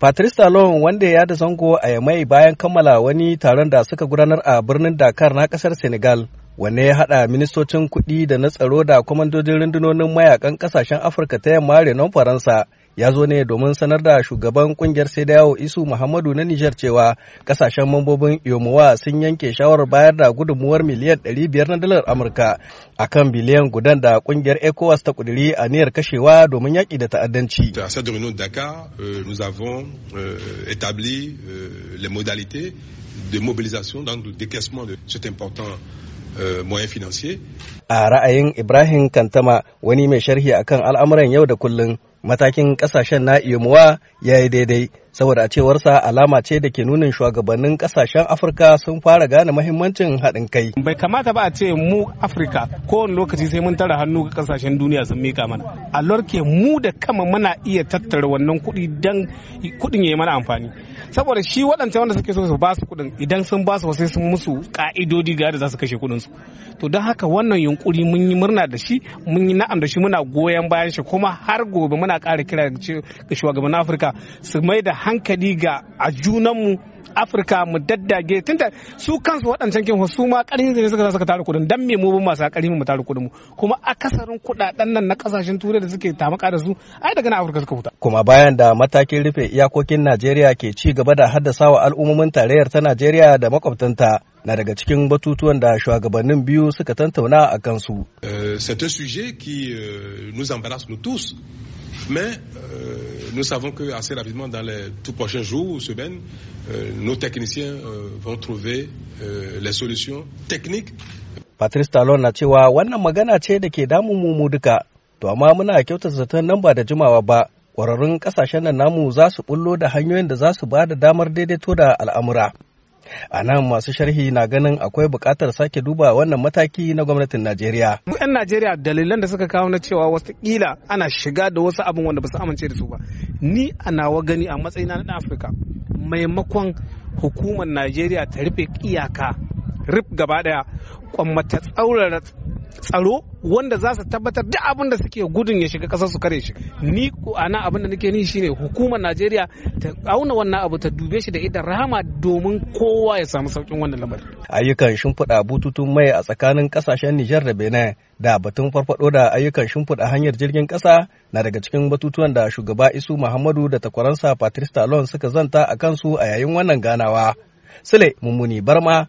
Patrice Talon wanda ya da zango a Yamai bayan kammala wani taron da suka gudanar a birnin Dakar na kasar Senegal wanne ya haɗa ministocin kuɗi da na tsaro da kwamandodin rundunonin mayakan ƙasashen Afirka ta yamma renon Faransa ya zo ne domin sanar da shugaban kungiyar sai da yawo isu muhammadu na nijar cewa kasashen mambobin yomowa sun yanke shawarar bayar da gudunmuwar miliyan 500 na dalar amurka a kan biliyan gudan da kungiyar ecowas ta kudiri a niyyar kashewa domin yaƙi da ta'addanci de mobilisation, le décaissement de euh, A ra'ayin Ibrahim Kantama wani mai sharhi akan al'amuran yau da kullum matakin kasashen na imuwa ya yi daidai saboda a cewarsa alama ce da ke nunin shugabannin kasashen afirka sun fara gane mahimmancin haɗin kai bai kamata ba a ce mu afirka kowane lokaci sai mun tara hannu ga kasashen duniya sun mika mana a lorke mu da kama muna iya tattara wannan kuɗi don kuɗin ya yi mana amfani saboda shi waɗanda wanda suke so su su kuɗin idan sun basu sai sun musu ka'idodi ga da za su kashe kuɗin su to don haka wannan yunkuri mun yi murna da shi mun yi na'am da shi muna goyon bayan shi kuma har gobe muna muna ƙara kira ga shugaban afirka su mai da hankali ga a junanmu afirka mu daddage tunda su kansu waɗancan kin su ma ƙarfin ne suka suka tara kudin dan me mu ba masu ƙarfin mu tara kudin mu kuma akasarin kuɗaɗen nan na ƙasashen turai da suke tamaka da su ai daga na afirka suka huta kuma bayan da matakin rufe iyakokin najeriya ke ci gaba da haddasawa al'ummomin tarayyar ta najeriya da makwabtanta na daga cikin batutuwan da shugabannin biyu suka tantauna a kansu. Euh, c'est un sujet qui euh, nous embarrasse nous tous. Mais euh, nous savons que assez rapidement, dans les tout prochains jours ou semaines, euh, nos techniciens euh, vont trouver euh, les solutions techniques. Patrice Talon na cewa wannan magana ce da ke damun mu duka, to amma muna kyautata zaton nan ba da jimawa ba, ƙwararrun ƙasashen nan namu za su bullo da hanyoyin da za su ba da damar daidaito da al'amura. A nan masu sharhi na ganin akwai buƙatar sake duba wannan mataki na gwamnatin Najeriya. 'yan Najeriya dalilan da suka kawo na cewa watakila ana shiga da wasu abin wanda ba su amince da su ba. Ni a nawa gani a matsayina na Afirka maimakon hukumar Najeriya ta rufe iyaka rip gaba daya kwammata tsaurara tsaro wanda za su tabbatar duk abin da suke gudun ya shiga kasar su kare shi ni ko ana abin da nake ni shine hukumar Najeriya ta auna wannan abu ta dube shi da idan rahama domin kowa ya samu saukin wannan lamarin ayyukan shimfiɗa bututun mai a tsakanin kasashen Nijar da Benin da batun farfado da ayyukan shimfiɗa hanyar jirgin ƙasa na daga cikin batutuwan da shugaba Isu Muhammadu da takwaransa Patrice Talon suka zanta a kansu a yayin wannan ganawa Sule Mummuni Barma